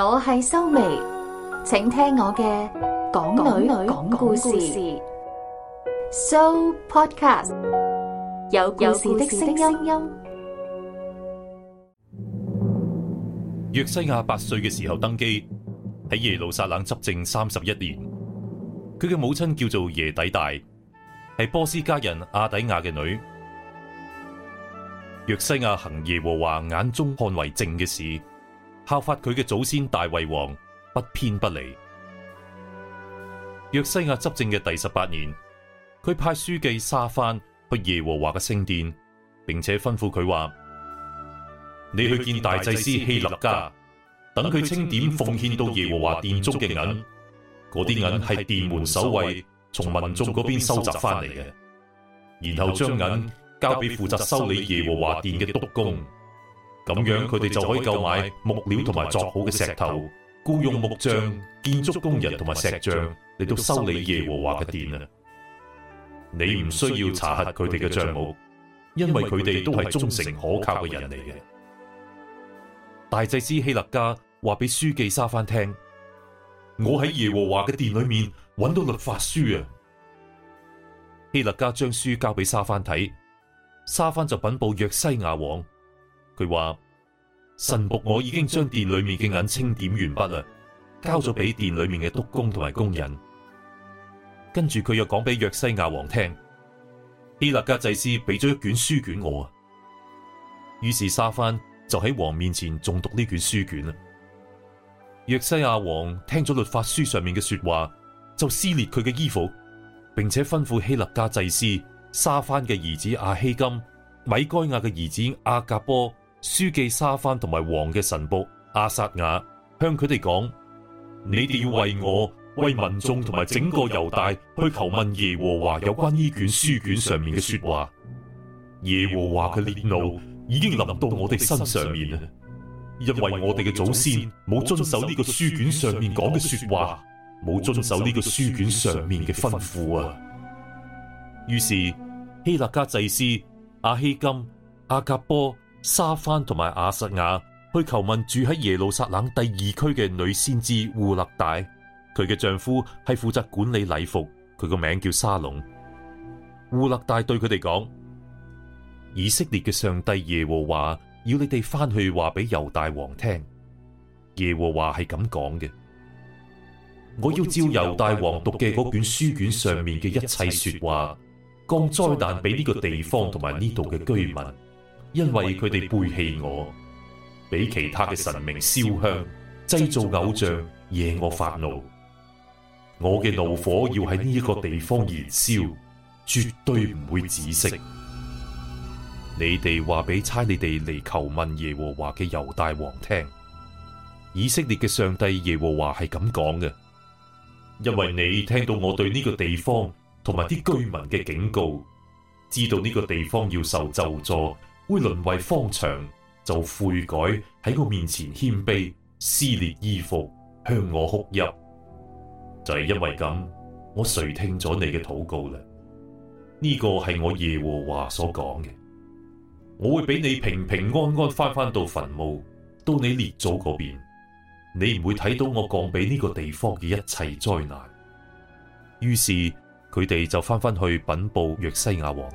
我係蘇眉，請聽我嘅講女女講故事。So podcast 有故事的聲音。約西亞八歲嘅時候登基，喺耶路撒冷執政三十一年。佢嘅母親叫做耶底大，係波斯加人亞底亞嘅女。約西亞行耶和華眼中看為正嘅事。效法佢嘅祖先大衛王，不偏不離。約西亞執政嘅第十八年，佢派書記沙番去耶和華嘅聖殿，並且吩咐佢話：你去見大祭司希勒家，等佢清點奉獻到耶和華殿中嘅銀，嗰啲銀係殿門守衛從民眾嗰邊收集翻嚟嘅，然後將銀交俾負責修理耶和華殿嘅督工。咁樣佢哋就可以購買木料同埋作好嘅石頭，雇用木匠、建築工人同埋石匠嚟到修理耶和華嘅殿啊！你唔需要查核佢哋嘅賬目，因為佢哋都係忠誠可靠嘅人嚟嘅。大祭司希勒家話俾書記沙番聽：我喺耶和華嘅殿裏面揾到律法書啊！希勒家將書交俾沙番睇，沙番就稟報約西亞王，佢話。神僕，我已經將殿裏面嘅銀清點完畢啦，交咗俾殿裏面嘅督工同埋工人。跟住佢又講俾約西亞王聽，希勒加祭司俾咗一卷書卷我啊。於是沙藩就喺王面前誦讀呢卷書卷啊。約西亞王聽咗律法書上面嘅說話，就撕裂佢嘅衣服，並且吩咐希勒加祭司沙藩嘅兒子阿希金、米該亞嘅兒子阿格波。書記沙番同埋王嘅神僕阿撒雅向佢哋講：你哋要為我、為民眾同埋整個猶大去求問耶和華有關呢卷書卷上面嘅說話。耶和華嘅烈怒已經臨到我哋身上面啦，因為我哋嘅祖先冇遵守呢個書卷上面講嘅說話，冇遵守呢個書卷上面嘅吩咐啊。於是希勒家祭司阿希金、阿格波、沙番同埋阿瑟雅去求問住喺耶路撒冷第二區嘅女先知烏勒大，佢嘅丈夫係負責管理禮服，佢個名叫沙龍。烏勒大對佢哋講：以色列嘅上帝耶和華要你哋翻去話俾猶大王聽，耶和華係咁講嘅，我要照猶大王讀嘅嗰卷書卷上面嘅一切說話降災難俾呢個地方同埋呢度嘅居民。因為佢哋背棄我，俾其他嘅神明燒香，製造偶像惹我發怒。我嘅怒火要喺呢一個地方燃燒，絕對唔會止息。你哋話俾差你哋嚟求問耶和華嘅猶大王聽，以色列嘅上帝耶和華係咁講嘅。因為你聽到我對呢個地方同埋啲居民嘅警告，知道呢個地方要受咒詛。會淪為荒場，就悔改喺我面前謙卑，撕裂衣服，向我哭泣。就係、是、因為咁，我垂聽咗你嘅禱告啦。呢、這個係我耶和華所講嘅，我會俾你平平安安翻翻到墳墓，到你列祖嗰邊，你唔會睇到我降俾呢個地方嘅一切災難。於是佢哋就翻翻去稟報約西亞王。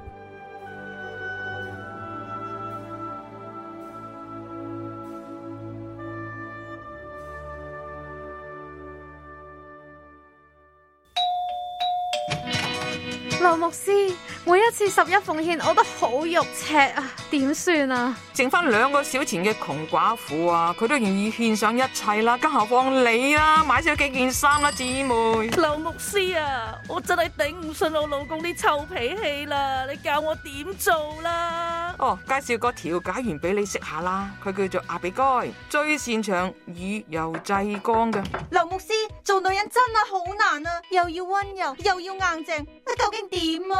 十一奉獻，我都好肉赤啊！點算啊？剩翻兩個小錢嘅窮寡婦啊，佢都願意獻上一切啦，更何況你啊，買咗幾件衫啦，姊妹。劉牧師啊，我真係頂唔順我老公啲臭脾氣啦，你教我點做啦？哦，介紹個調解員俾你識下啦，佢叫做阿比該，最擅長以柔制剛嘅。劉牧師。做女人真係好難啊，又要温柔，又要硬淨，究竟點啊？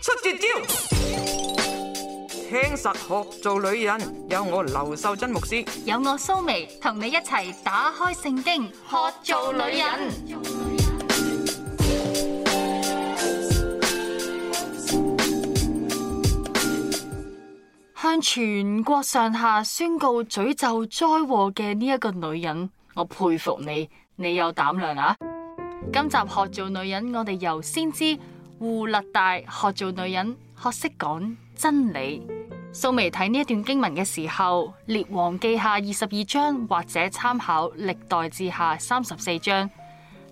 出絕招，聽實學做女人，有我劉秀珍牧師，有我蘇眉，同你一齊打開聖經學做女人。女人向全國上下宣告詛咒災禍嘅呢一個女人，我佩服你。你有膽量啊！今集學做女人，我哋由先知胡勒大學做女人，學識講真理。掃眉睇呢一段經文嘅時候，列王記下二十二章，或者參考歷代志下三十四章。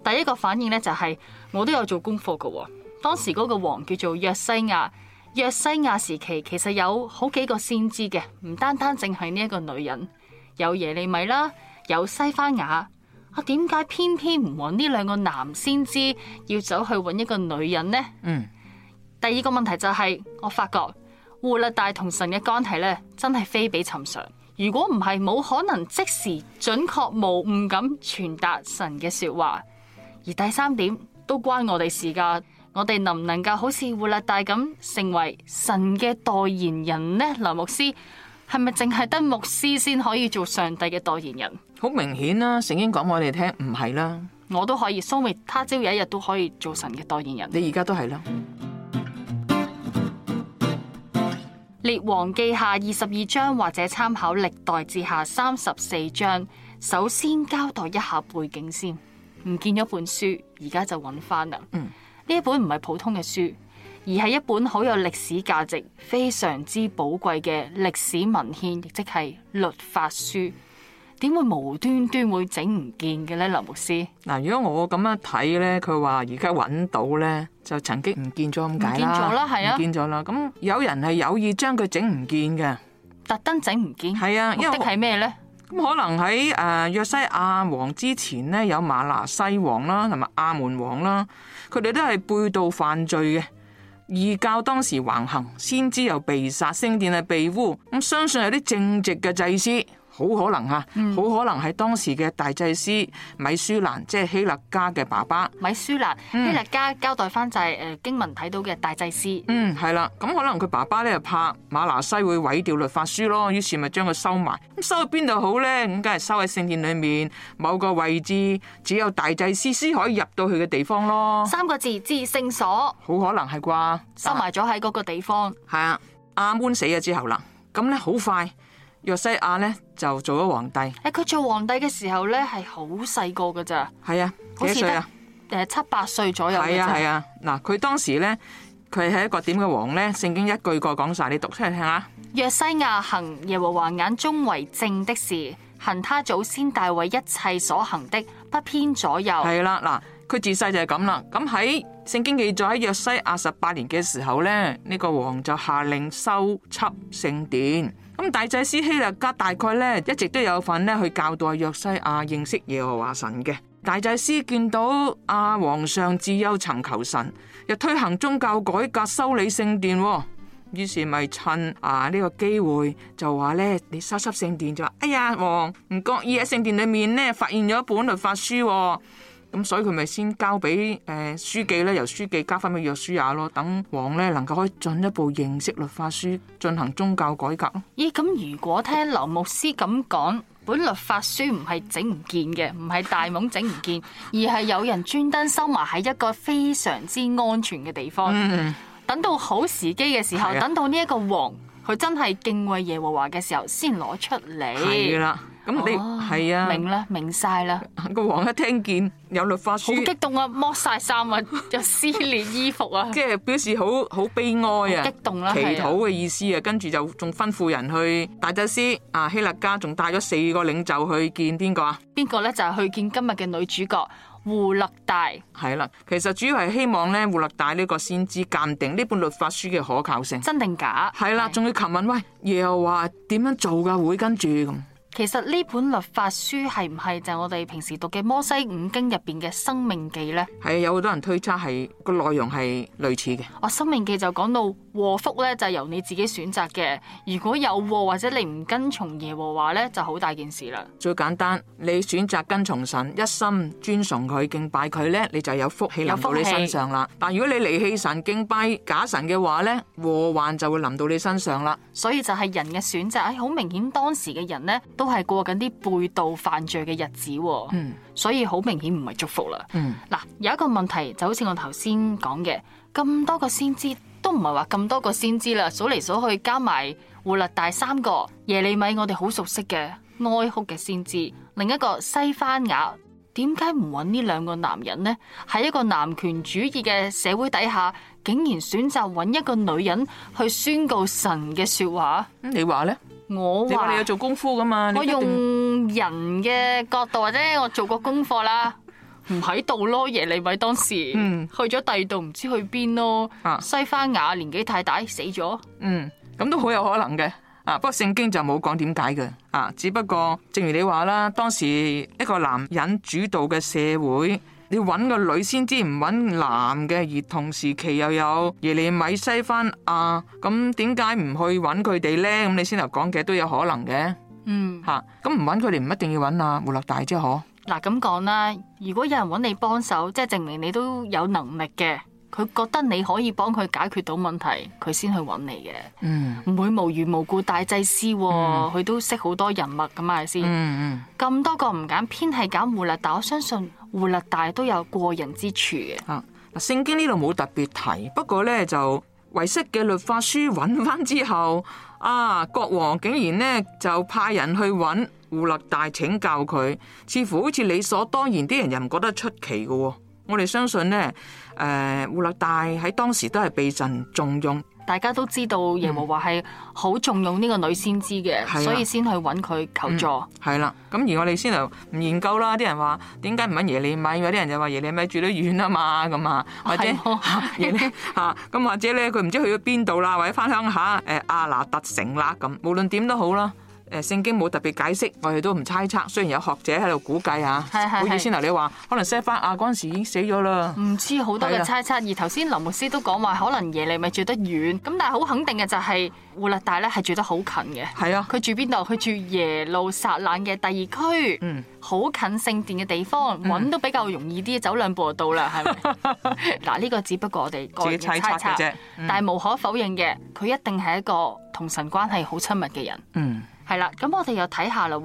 第一個反應呢、就是，就係我都有做功課噶。當時嗰個王叫做約西亞，約西亞時期其實有好幾個先知嘅，唔單單淨係呢一個女人，有耶利米啦，有西番雅。我點解偏偏唔搵呢兩個男先知，要走去搵一個女人呢？嗯，第二個問題就係、是、我發覺，戶勒大同神嘅關係咧，真係非比尋常。如果唔係，冇可能即時準確無誤咁傳達神嘅說話。而第三點都關我哋事噶，我哋能唔能夠好似戶勒大咁成為神嘅代言人呢？劉牧師係咪淨係得牧師先可以做上帝嘅代言人？好明顯啦，聖經講畀我哋聽唔係啦，我都可以，所以他朝有一日都可以做神嘅代言人。你而家都係啦，《列王記下》二十二章或者參考《歷代志下》三十四章，首先交代一下背景先。唔見咗本書，而家就揾翻啦。嗯，呢一本唔係普通嘅書，而係一本好有歷史價值、非常之寶貴嘅歷史文獻，亦即係律法書。點會無端端會整唔見嘅咧，劉牧師？嗱，如果我咁樣睇咧，佢話而家搵到咧，就曾經唔見咗咁解啦，唔見咗啦，係啊，唔見咗啦。咁有人係有意將佢整唔見嘅，特登整唔見，係啊，因為，目的係咩咧？咁可能喺誒、呃、約西亞王之前咧，有馬拿西王啦，同埋亞門王啦，佢哋都係背道犯罪嘅異教，當時橫行，先知又被殺、升殿、啊被污，咁相信有啲正直嘅祭司。好可能啊！好、嗯、可能係當時嘅大祭司米舒蘭，即、就、係、是、希勒家嘅爸爸。米舒蘭，希勒家交代翻就係誒，經文睇到嘅大祭司。嗯，係啦。咁可能佢爸爸咧就怕馬拿西會毀掉律法書咯，於是咪將佢收埋。咁收去邊度好咧？咁梗係收喺聖殿裏面某個位置，只有大祭司先可以入到去嘅地方咯。三個字，至聖所。好可能係啩？收埋咗喺嗰個地方。係啊，亞門死咗之後啦，咁咧好快。約西亞咧就做咗皇帝。誒，佢做皇帝嘅時候咧係好細個噶咋？係啊，幾歲啊？誒，七八歲左右。係啊係啊，嗱、啊，佢當時咧佢係一個點嘅王咧？聖經一句個講晒，你讀出嚟聽下。約西亞行耶和華眼中為正的事，行他祖先大衛一切所行的，不偏左右。係啦、啊，嗱，佢自細就係咁啦。咁喺聖經記載喺約西亞十八年嘅時候咧，呢、這個王就下令修葺聖殿。咁大祭司希勒家大概咧，一直都有份咧去教導約西亞認識耶和華神嘅。大祭司見到阿、啊、皇上自幼尋求神，又推行宗教改革，修理聖殿，於、哦、是咪趁啊、這個、機呢個機會就話咧，你收拾聖殿就話，哎呀，王唔覺意喺聖殿裏面咧發現咗一本律法書、哦。咁所以佢咪先交俾誒、呃、書記咧，由書記交翻俾約書亞咯，等王咧能夠可以進一步認識律法書，進行宗教改革。咦？咁如果聽劉牧師咁講，本律法書唔係整唔見嘅，唔係大懵整唔見， 而係有人專登收埋喺一個非常之安全嘅地方，嗯、等到好時機嘅時候，係。等到呢一個王佢真係敬畏耶和華嘅時候，先攞出嚟。係啦。咁你係啊，明啦，明晒啦。個王一聽見有律法書，好激動啊，剝晒衫啊，又撕裂衣服啊，即係表示好好悲哀啊，激動啦，祈禱嘅意思啊。跟住就仲吩咐人去大祭司啊希勒家，仲帶咗四個領袖去見邊個啊？邊個咧，就係去見今日嘅女主角胡勒大係啦。其實主要係希望咧胡勒大呢個先知鑒定呢本律法書嘅可靠性真定假係啦？仲要求問喂又話點樣做噶？會跟住咁。其實呢本律法書係唔係就係我哋平時讀嘅摩西五經入邊嘅《生命記》呢咧，係啊，有好多人推測係，嗰個內容係類似嘅。我《生命記》就講到。禍福咧就是，由你自己選擇嘅。如果有禍或者你唔跟從耶和華咧，就好大件事啦。最簡單，你選擇跟從神，一心尊崇佢，敬拜佢咧，你就有福氣臨到你身上啦。但如果你離棄神，敬拜假神嘅話咧，禍患就會臨到你身上啦。所以就係人嘅選擇。誒、哎，好明顯當時嘅人咧，都係過緊啲背道犯罪嘅日子啊。嗯。所以好明顯唔係祝福啦。嗯。嗱，有一個問題，就好似我頭先講嘅，咁多個先知。都唔係話咁多個先知啦，數嚟數去加埋胡勒大三個耶利米，我哋好熟悉嘅哀哭嘅先知。另一個西番雅，點解唔揾呢兩個男人呢？喺一個男權主義嘅社會底下，竟然選擇揾一個女人去宣告神嘅說話。你話呢？我話說 你，你有做功夫噶嘛？我用人嘅角度或者我做過功課啦。唔喺度咯，耶利米當時去咗第二度，唔、嗯、知去邊咯。啊、西番雅年紀太大，死咗。嗯，咁都好有可能嘅。啊，不過聖經就冇講點解嘅。啊，只不過正如你話啦，當時一個男人主導嘅社會，你揾個女先知唔揾男嘅，而同時期又有耶利米西番雅，咁點解唔去揾佢哋咧？咁你先頭講嘅都有可能嘅。嗯，吓、啊，咁唔揾佢哋唔一定要揾阿戶勒大啫，嗬、啊。嗱，咁講啦，如果有人揾你幫手，即係證明你都有能力嘅。佢覺得你可以幫佢解決到問題，佢先去揾你嘅。嗯，唔會無緣無故大祭司、哦，佢、嗯、都識好多人物噶嘛，係先。嗯嗯。咁多個唔揀，偏係揀胡律大。我相信胡律大都有過人之處嘅。啊，嗱聖經呢度冇特別提，不過呢，就遺失嘅律法書揾翻之後，啊國王竟然呢就派人去揾。胡勒大請教佢，似乎好似理所當然，啲人又唔覺得出奇嘅。我哋相信咧，誒胡勒大喺當時都係被神重用。大家都知道耶和華係好重用呢個女先知嘅，嗯、所以先去揾佢求助。係啦、嗯，咁而我哋先嚟唔研究啦。啲人話點解唔揾耶利米？有啲人就話耶利米住得遠啊嘛，咁啊，或者耶利咁，或者咧佢唔知去咗邊度啦，或者翻鄉下誒亞拿突城啦，咁無論點都好啦。誒聖經冇特別解釋，我哋都唔猜測。雖然有學者喺度估計吓，是是是好似先頭你話可能西法亞嗰時已經死咗啦，唔知好多嘅猜測。是的 而頭先林牧師都講話，可能耶利咪住得遠咁，但係好肯定嘅就係胡勒大咧係住得好近嘅。係啊是的，佢住邊度？佢住耶路撒冷嘅第二區，好、嗯、近聖殿嘅地方，揾都比較容易啲，走兩步就到啦。係咪嗱？呢、嗯、 個只不過我哋個猜測啫，但係無可否認嘅，佢一定係一個同神關係好親密嘅人。嗯。嗯。係啦，咁我哋又睇下啦。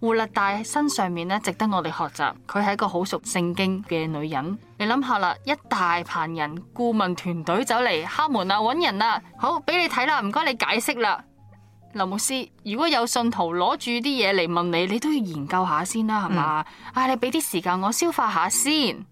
胡立大身上面咧，值得我哋學習。佢係一個好熟聖經嘅女人。你諗下啦，一大棚人顧問團隊走嚟敲門啦，揾人啦，好，俾你睇啦，唔該你解釋啦，劉牧師。如果有信徒攞住啲嘢嚟問你，你都要研究下先啦，係嘛、嗯？啊，你俾啲時間我消化下先。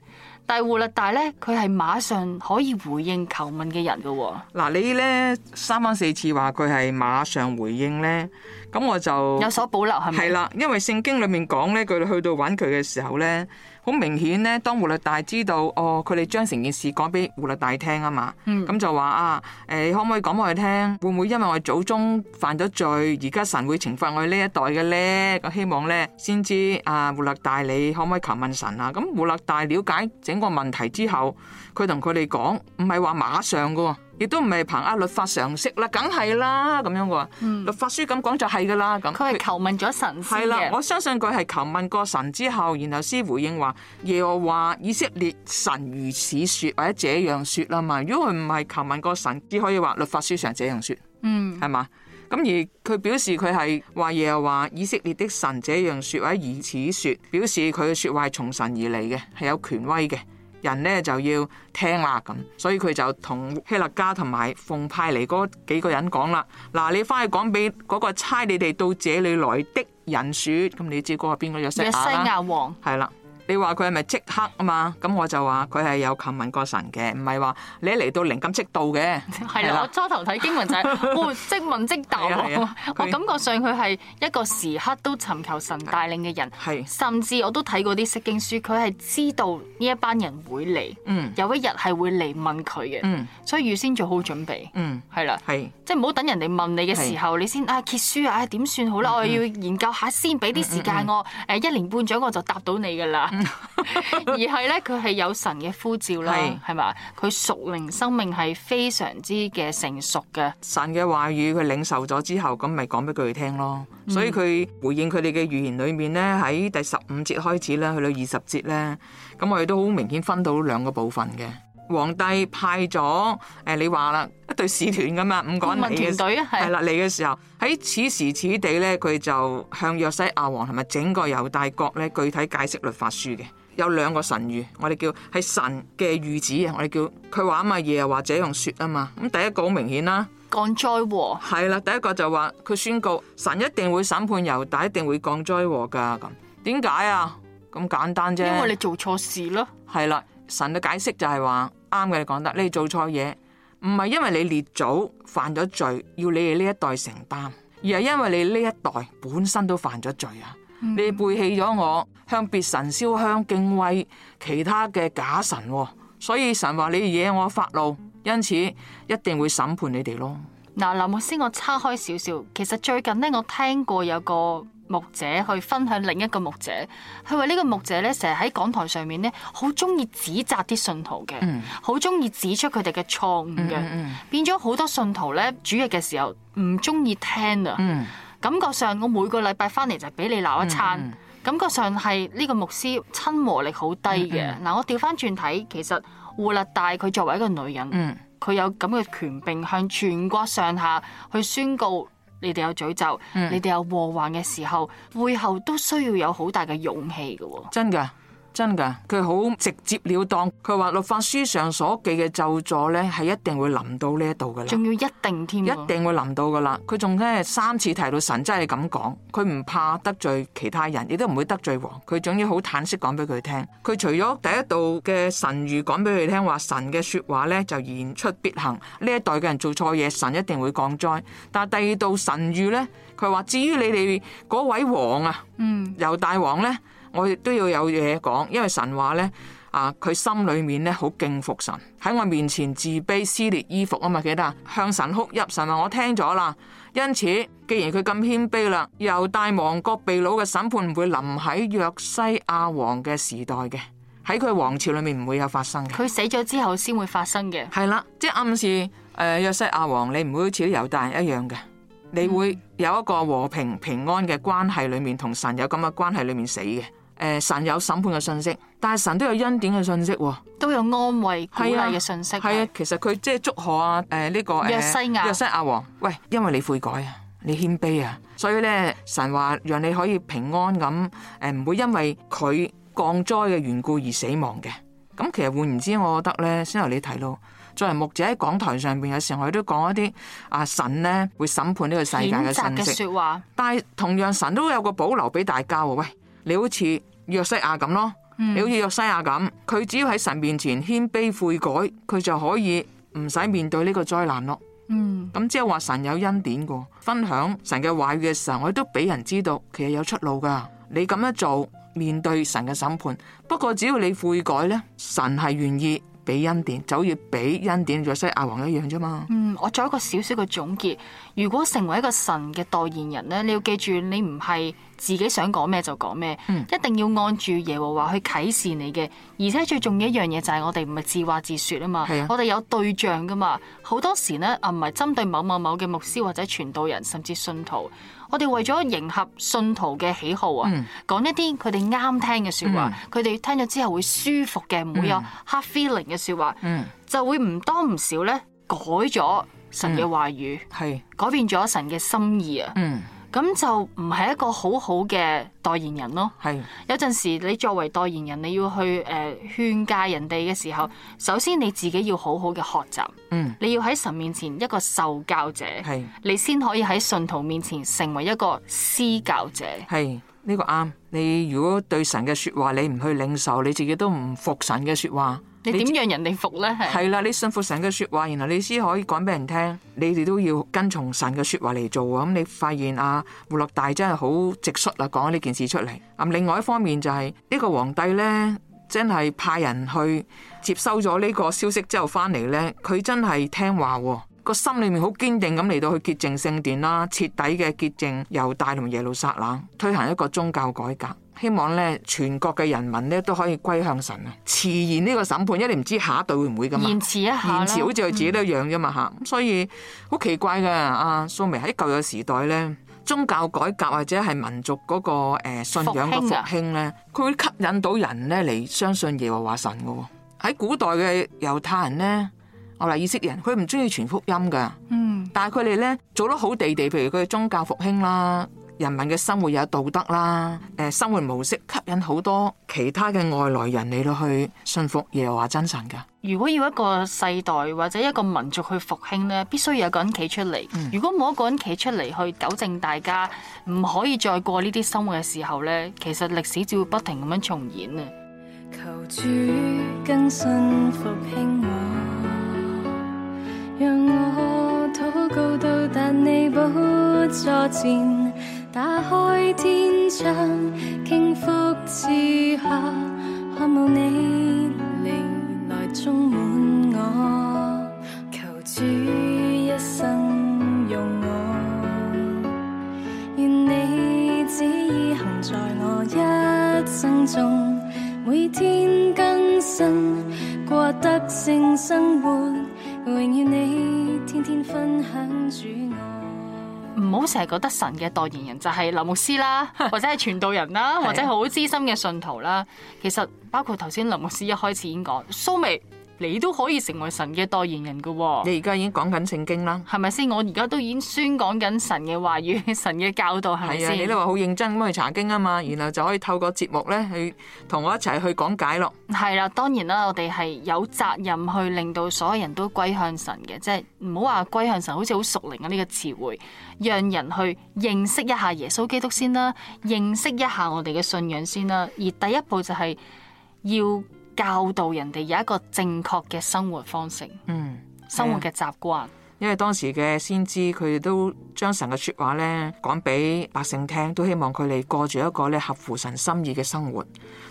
但胡立大胡立大咧，佢係馬上可以回應求問嘅人嘅、哦。嗱、啊，你咧三番四次話佢係馬上回應咧，咁我就有所保留係咪？係啦，因為聖經裏面講咧，佢去到揾佢嘅時候咧，好明顯咧，當胡立大知道哦，佢哋將成件事講俾胡立大聽啊嘛，咁、嗯、就話啊，誒，可唔可以講我哋聽？會唔會因為我哋祖宗犯咗罪，而家神會懲罰我哋呢一代嘅咧？我希望咧先知啊，胡立大，你可唔可以求問神啊？咁胡立大了解整個問題之後，佢同佢哋講，唔係話馬上嘅，亦都唔係憑啊律法常識啦，梗係啦咁樣嘅。嗯，律法書咁講就係噶啦，咁。佢係求問咗神。係啦，我相信佢係求問過神之後，然後先回應話耶和華以色列神如此說或者這樣說啦嘛。如果佢唔係求問過神，只可以話律法書上這樣說。嗯，係嘛。咁而佢表示佢係話，耶又話以色列的神這樣說或者如此說表示佢嘅說話係從神而嚟嘅，係有權威嘅人呢，就要聽啦咁。所以佢就同希勒家同埋奉派嚟嗰幾個人講啦。嗱，你翻去講俾嗰個差你哋到這裡來的人説。咁你知個邊個個約西亞啦？約西亞王係啦。你話佢係咪即刻啊嘛？咁我就話佢係有求問過神嘅，唔係話你一嚟到靈感即到嘅。係啦，我初頭睇經文就係即問即答。我感覺上佢係一個時刻都尋求神帶領嘅人。係，甚至我都睇過啲釋經書，佢係知道呢一班人會嚟，有一日係會嚟問佢嘅。嗯，所以預先做好準備。嗯，係啦。係，即係唔好等人哋問你嘅時候，你先啊揭書啊，點算好啦？我要研究下先，俾啲時間我。誒，一年半載我就答到你㗎啦。 而係咧，佢係有神嘅呼召啦，係嘛是？佢屬靈生命係非常之嘅成熟嘅。神嘅話語佢領受咗之後，咁咪講俾佢哋聽咯。所以佢回應佢哋嘅預言裏面咧，喺第十五節開始啦，去到二十節咧，咁我哋都好明顯分到兩個部分嘅。皇帝派咗誒，你話啦。對使團㗎嘛，唔講你嘅係啦，嚟嘅時候喺此時此地咧，佢就向約西亞王同埋整個猶大國咧具體解釋律法書嘅有兩個神諭，我哋叫係神嘅諭旨啊，我哋叫佢話乜嘢或者用說啊嘛。咁第一個好明顯啦、啊，降災禍係啦，第一個就話佢宣告神一定會審判猶大，一定會降災禍噶。咁點解啊？咁、嗯、簡單啫，因為你做錯事咯。係啦，神嘅解釋就係話啱嘅，你講得你做錯嘢。唔係因為你列祖犯咗罪，要你哋呢一代承擔，而係因為你呢一代本身都犯咗罪啊！嗯、你背棄咗我，向別神燒香敬畏其他嘅假神，所以神話你惹我發怒，因此一定會審判你哋咯。嗱，林牧師，我岔開少少，其實最近呢，我聽過有個。牧者去分享另一個牧者，佢話呢個牧者咧，成日喺講台上面咧，好中意指責啲信徒嘅，好中意指出佢哋嘅錯誤嘅，變咗好多信徒咧，主日嘅時候唔中意聽啊，感覺上我每個禮拜翻嚟就俾你鬧一餐，感覺上係呢個牧師親和力好低嘅。嗱，我調翻轉睇，其實胡立大佢作為一個女人，佢有咁嘅權柄向全國上下去宣告。你哋有詛咒，嗯、你哋有禍患嘅時候，背後都需要有好大嘅勇氣㗎喎。真㗎。真噶，佢好直接了當。佢話律法書上所記嘅咒詛呢，係一定會臨到呢一度噶啦。仲要一定添，一定會臨到噶啦。佢仲咧三次提到神真係咁講，佢唔怕得罪其他人，亦都唔會得罪王。佢仲要好坦率講俾佢聽。佢除咗第一度嘅神諭講俾佢聽話，神嘅說話呢，就言出必行。呢一代嘅人做錯嘢，神一定會降災。但係第二度神諭呢，佢話，至於你哋嗰位王啊，嗯，猶大王呢。」我亦都要有嘢講，因為神話呢，啊，佢心裏面呢好敬服神，喺我面前自卑，撕裂衣服啊嘛，記得向神哭泣，神話我聽咗啦。因此，既然佢咁謙卑啦，猶大亡國被擄嘅審判唔會臨喺約西亞王嘅時代嘅，喺佢王朝裏面唔會有發生嘅。佢死咗之後先會發生嘅。係啦，即係暗示誒約西亞王，你唔會好似猶大人一樣嘅，你會有一個和平平安嘅關係裏面同神有咁嘅關係裏面死嘅。誒，神有審判嘅信息，但係神都有恩典嘅信息，都有安慰鼓勵嘅信息。係啊，其實佢即係祝賀啊。誒、這個，呢個約西亞約西亞王，喂，因為你悔改，你謙卑啊，所以咧神話讓你可以平安咁誒，唔、呃、會因為佢降災嘅緣故而死亡嘅。咁其實換言之，我覺得咧，先由你睇到作為牧者喺講檯上邊，有成日都講一啲阿神咧會審判呢個世界嘅信息嘅說話，但係同樣神都有個保留俾大家。喂。你好似約西亞咁咯，嗯、你好似約西亞咁，佢只要喺神面前謙卑悔，悔改，佢就可以唔使面對呢個災難咯。咁即係話神有恩典嘅，分享神嘅話語嘅時候，我都俾人知道其實有出路噶。你咁樣做，面對神嘅審判，不過只要你悔改咧，神係願意俾恩典，就好似俾恩典約西亞王一樣啫嘛。嗯，我做一個少少嘅總結，如果成為一個神嘅代言人咧，你要記住你，你唔係。自己想講咩就講咩，嗯、一定要按住耶和華去啟示你嘅。而且最重要一樣嘢就係我哋唔係自話自說啊嘛，啊我哋有對象噶嘛。好多時呢，啊唔係針對某某某嘅牧師或者傳道人，甚至信徒，我哋為咗迎合信徒嘅喜好啊，講、嗯、一啲佢哋啱聽嘅說話，佢哋、嗯、聽咗之後會舒服嘅，唔會有 hard feeling 嘅說話，嗯、就會唔多唔少呢改咗神嘅話語，嗯、改變咗神嘅心意啊。嗯嗯嗯咁就唔係一個好好嘅代言人咯。係是，有陣時你作為代言人，你要去誒勸誡人哋嘅時候，首先你自己要好好嘅學習。嗯，你要喺神面前一個受教者，是你先可以喺信徒面前成為一個施教者。係呢個啱。你如果對神嘅說話你唔去領受，你自己都唔服神嘅說話。你點讓人哋服呢？係係啦，你信服神嘅說話，然後你先可以講俾人聽。你哋都要跟從神嘅說話嚟做啊！咁你發現啊，胡樂大真係好直率啦，講呢件事出嚟。咁另外一方面就係呢個皇帝呢，真係派人去接收咗呢個消息之後翻嚟呢，佢真係聽話，個心裏面好堅定咁嚟到去潔淨聖殿啦，徹底嘅潔淨猶大同埋耶路撒冷，推行一個宗教改革。希望咧，全國嘅人民咧都可以歸向神啊！遲延呢個審判，因為你唔知下一代會唔會㗎嘛？延遲一下延遲好似佢自己都一樣啫嘛嚇，嗯、所以好奇怪㗎。阿蘇眉喺舊嘅時代咧，宗教改革或者係民族嗰、那個、欸、信仰嘅復興咧，佢吸引到人咧嚟相信耶和華神嘅喎。喺古代嘅猶太人咧，我話以色列人，佢唔中意傳福音嘅。嗯。但係佢哋咧做得好地地，譬如佢宗教復興啦。人民嘅生活有道德啦，誒，生活模式吸引好多其他嘅外來人嚟到去信服耶和華真神㗎。如果要一個世代或者一個民族去復興呢，必須有個人企出嚟。嗯，如果冇一個人企出嚟去糾正大家，唔可以再過呢啲生活嘅時候呢，其實歷史就會不停咁樣重演啊！求主更新復興我，讓我禱告到但你不再。前。打開天窗，傾覆此刻渴望你，靈來充滿我，求主一生用我，願你旨意行在我一生中，每天更新，過得勝生活，榮耀你，天天分享主愛。唔好成日覺得神嘅代言人就係、是、林牧師啦，或者係傳道人啦， 或者好資深嘅信徒啦。 其實包括頭先林牧師一開始已經講，蘇眉。你都可以成為神嘅代言人嘅喎、哦！你而家已經講緊聖經啦，係咪先？我而家都已經宣講緊神嘅話語、神嘅教導，係咪先？係啊，你都話好認真咁去查經啊嘛，然後就可以透過節目咧去同我一齊去講解咯。係啦、啊，當然啦，我哋係有責任去令到所有人都歸向神嘅，即係唔好話歸向神，好似好熟靈啊。呢、這個詞彙，讓人去認識一下耶穌基督先啦，認識一下我哋嘅信仰先啦，而第一步就係要。教導人哋有一個正確嘅生活方式，嗯，生活嘅習慣。因為當時嘅先知佢哋都將神嘅說話呢講俾百姓聽，都希望佢哋過住一個呢合乎神心意嘅生活，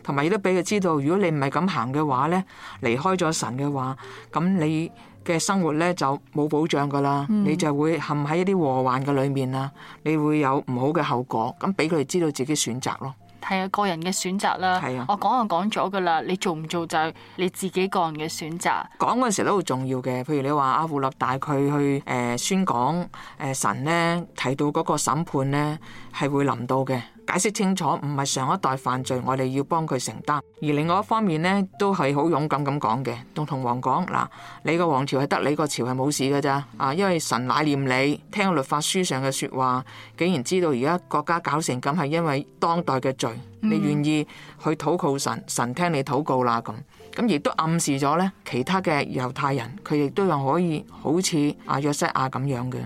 同埋亦都俾佢知道，如果你唔係咁行嘅話呢，離開咗神嘅話，咁你嘅生活呢就冇保障噶啦，你就會陷喺一啲禍患嘅裏面啦，你會有唔好嘅後果。咁俾佢哋知道自己選擇咯。係啊，個人嘅選擇啦。我講就講咗㗎喇，你做唔做就係你自己個人嘅選擇。講嗰陣時都好重要嘅，譬如你話阿富勒帶佢去誒、呃、宣講誒、呃、神咧，提到嗰個審判咧係會臨到嘅。解釋清楚唔係上一代犯罪，我哋要幫佢承擔；而另外一方面呢，都係好勇敢咁講嘅，同同王講嗱，你個王朝係得你個朝係冇事嘅咋啊？因為神乃念你，聽律法書上嘅説話，竟然知道而家國家搞成咁係因為當代嘅罪，你願意去禱告神，神聽你禱告啦咁。咁亦都暗示咗呢，其他嘅猶太人佢亦都係可以好似阿約西亞咁樣嘅，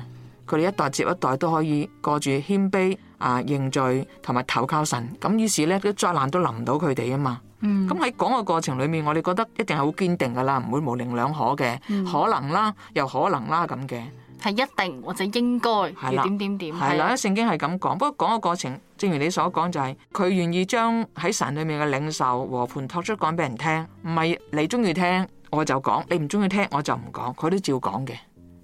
佢哋一代接一代都可以過住謙卑。啊！認罪同埋投靠神，咁於是咧，都災難都臨唔到佢哋啊嘛。咁喺講嘅過程裏面，我哋覺得一定係好堅定噶啦，唔會模棱兩可嘅，可能啦，又可能啦咁嘅，係一定或者應該係點點點。係啦，聖經係咁講。不過講嘅過程，正如你所講，就係佢願意將喺神裏面嘅領受和盤托出講俾人聽，唔係你中意聽我就講，你唔中意聽我就唔講，佢都照講嘅。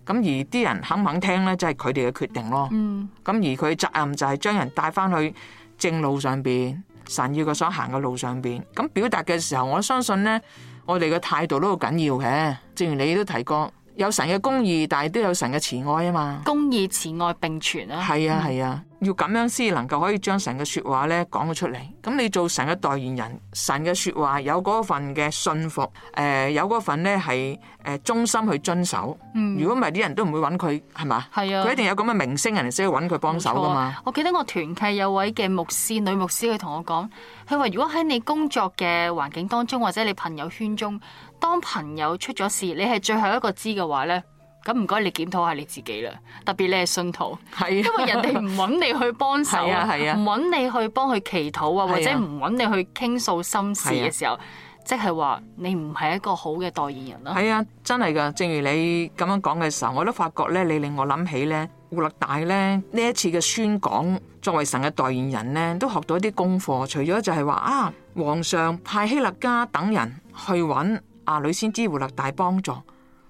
咁而啲人肯唔肯聽呢？即係佢哋嘅決定咯。咁、嗯、而佢責任就係將人帶翻去正路上邊，神要佢所行嘅路上邊。咁表達嘅時候，我相信呢，我哋嘅態度都好緊要嘅。正如你都提過，有神嘅公義，但係都有神嘅慈愛啊嘛。公義慈愛並存啊！係啊係啊。嗯要咁樣先能夠可以將神嘅說話咧講到出嚟，咁你做神嘅代言人，神嘅說話有嗰份嘅信服，誒、呃、有嗰份咧係誒忠心去遵守。如果唔係啲人都唔會揾佢係嘛，佢、啊、一定有咁嘅明星人先去揾佢幫手噶嘛。我記得我團契有位嘅牧師女牧師佢同我講，佢話如果喺你工作嘅環境當中或者你朋友圈中，當朋友出咗事，你係最後一個知嘅話咧。咁唔該，你檢討下你自己啦。特別你係信徒，係、啊、因為人哋唔揾你去幫手，啊係啊，唔揾、啊、你去幫佢祈禱啊，或者唔揾你去傾訴心事嘅時候，啊、即係話你唔係一個好嘅代言人咯。係啊，真係噶。正如你咁樣講嘅時候，我都發覺咧，你令我諗起咧胡立大咧呢一次嘅宣講，作為神嘅代言人咧，都學到一啲功課。除咗就係話啊，皇上派希勒家等人去揾阿女先知胡立大幫助，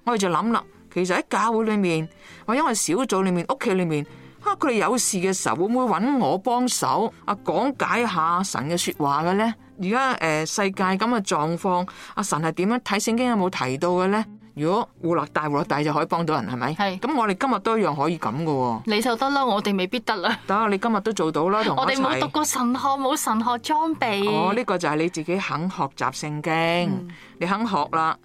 我哋就諗啦。其實喺教會裏面，或因為小組裏面、屋企裏面，哈佢哋有事嘅時候，會唔會揾我幫手？啊，講解下神嘅說話嘅咧？而家誒世界咁嘅狀況，阿神係點樣睇聖經有冇提到嘅咧？如果胡落大護落大就可以幫到人係咪？係。咁是我哋今日都一樣可以咁噶喎。你就得啦，我哋未必得啦。得，你今日都做到啦，同我哋冇讀過神學，冇神學裝備。哦，呢、這個就係你自己肯學習聖經，嗯、你肯學啦。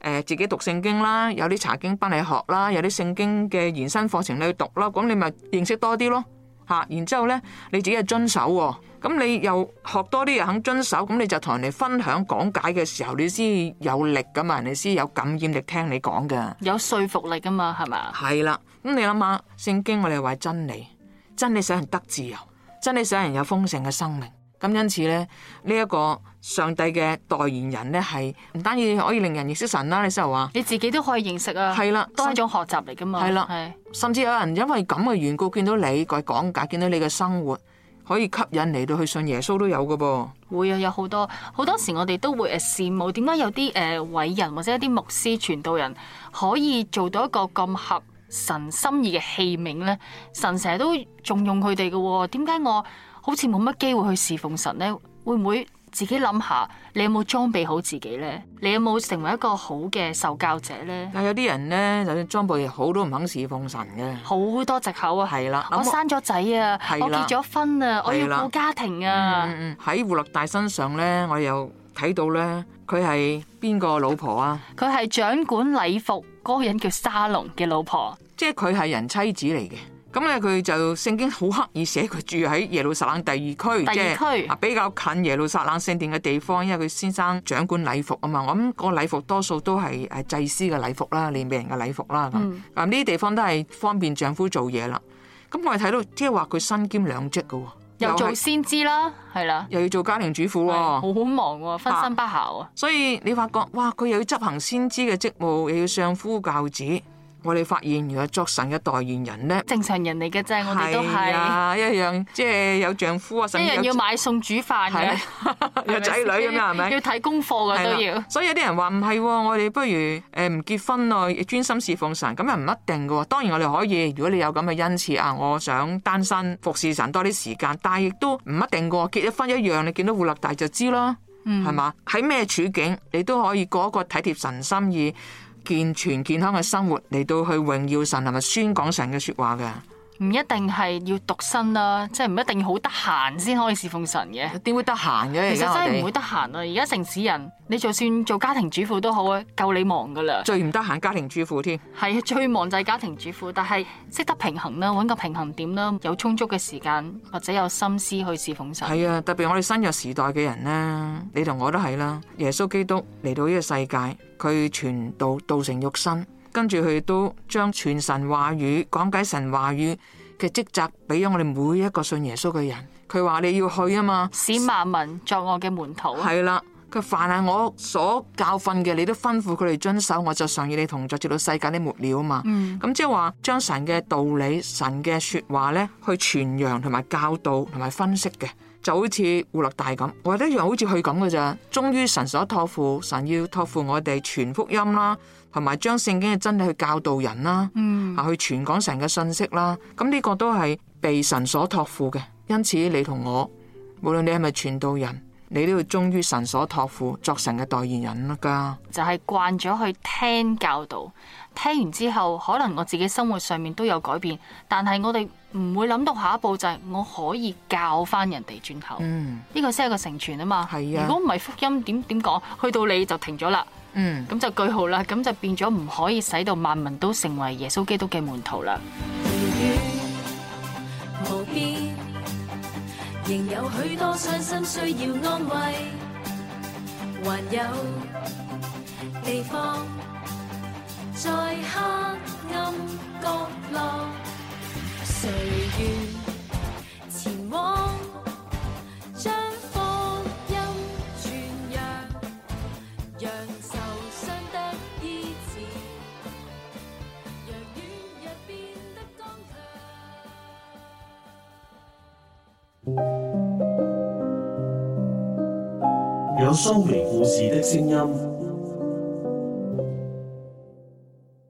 誒，自己讀聖經啦，有啲查經班你學啦，有啲聖經嘅延伸課程你去讀啦，咁你咪認識多啲咯，吓，然之後咧你自己遵守，咁你又學多啲又肯遵守，咁你就同人哋分享講解嘅時候，你先有力噶嘛，人哋先有感染力聽你講噶，有說服力噶嘛，係咪？係啦，咁你諗下聖經我哋話真理，真理使人得自由，真理使人有豐盛嘅生命。咁因此咧，呢、這、一個上帝嘅代言人咧，係唔單止可以令人認識神啦，你先話你自己都可以認識啊，係啦了，都係一種學習嚟噶嘛，係啦了，是甚至有人因為咁嘅緣故，見到你個講解，見到你嘅生活，可以吸引你嚟到去信耶穌都有嘅噃，會啊，有好多好多時，我哋都會誒羨慕，點解有啲誒、呃、偉人或者一啲牧師傳道人可以做到一個咁合。神心意嘅器皿咧，神成日都重用佢哋嘅，點解我好似冇乜機會去侍奉神咧？會唔會自己諗下，你有冇裝備好自己咧？你有冇成為一個好嘅受教者咧？但有啲人咧，就算裝備好都唔肯侍奉神嘅，好多藉口啊！係啦，我生咗仔啊，的我結咗婚啊，的我要顧家庭啊。喺、嗯、胡立大身上咧，我又睇到咧。佢係邊個老婆啊？佢係掌管禮服嗰個人叫沙龍嘅老婆，即係佢係人妻子嚟嘅。咁咧佢就聖經好刻意寫佢住喺耶路撒冷第二區，第二區即係啊比較近耶路撒冷聖殿嘅地方，因為佢先生掌管禮服啊嘛。我諗個禮服多數都係誒祭司嘅禮服啦，利未人嘅禮服啦。咁咁呢啲地方都係方便丈夫做嘢啦。咁我哋睇到即係話佢身兼兩職嘅。又，又做先知啦，係啦，又要做家庭主婦，好忙喎，啊，分身不暇啊，啊！所以你發覺，哇，佢又要執行先知嘅職務，又要相夫教子。我哋發現，如果作神嘅代言人咧，正常人嚟嘅啫，我哋都係、啊、一樣，即係有丈夫啊，一人要買餸煮飯嘅，啊、 有仔女咁樣，係咪要睇功課嘅、啊、都要？所以有啲人話唔係，我哋不如誒唔結婚咯，專心侍奉神。咁又唔一定嘅。當然我哋可以，如果你有咁嘅恩賜啊，我想單身服侍神多啲時間，但係亦都唔一定嘅。結咗婚一樣，你見到護立大就知啦，係嘛、嗯？喺咩處境你都可以過一個體貼神心意、健全健康嘅生活嚟到去榮耀神，同埋宣講神嘅說話嘅。唔一定係要獨身啦，即係唔一定要好得閒先可以侍奉神嘅。點會得閒嘅？其實真係唔會得閒啊！而家城市人，你就算做家庭主婦都好啊，夠你忙噶啦。最唔得閒，家庭主婦添。係啊，最忙就係家庭主婦，但係識得平衡啦，揾個平衡點啦，有充足嘅時間或者有心思去侍奉神。係啊，特別我哋新約時代嘅人咧，你同我都係啦。耶穌基督嚟到呢個世界，佢傳道道成肉身。跟住佢都將傳神話語、講解神話語嘅職責俾咗我哋每一個信耶穌嘅人。佢話你要去啊嘛，使萬民作我嘅門徒。係啦，佢凡係我所教訓嘅，你都吩咐佢哋遵守。我就常與你同在，直到世界的末了啊嘛。咁、嗯、即係話將神嘅道理、神嘅說話咧，去傳揚、同埋教導、同埋分析嘅，就好似胡樂大咁，我一人好似去咁噶咋。終於神所託付，神要託付我哋傳福音啦。同埋將聖經嘅真理去教導人啦，啊、嗯、去傳講成嘅信息啦，咁呢個都係被神所託付嘅，因此你同我，無論你係咪傳道人，你都要忠於神所託付，作神嘅代言人啦噶。就係慣咗去聽教導，聽完之後可能我自己生活上面都有改變，但係我哋唔會諗到下一步就係我可以教翻人哋轉頭。嗯，呢個先係個成全啊嘛。係啊，如果唔係福音點點講，去到你就停咗啦。嗯，咁就句號啦，咁就變咗唔可以使到萬民都成為耶穌基督嘅門徒啦。仍有許多傷心需要安慰，還有地方在黑暗角落，誰願前往？有收尾故事的聲音。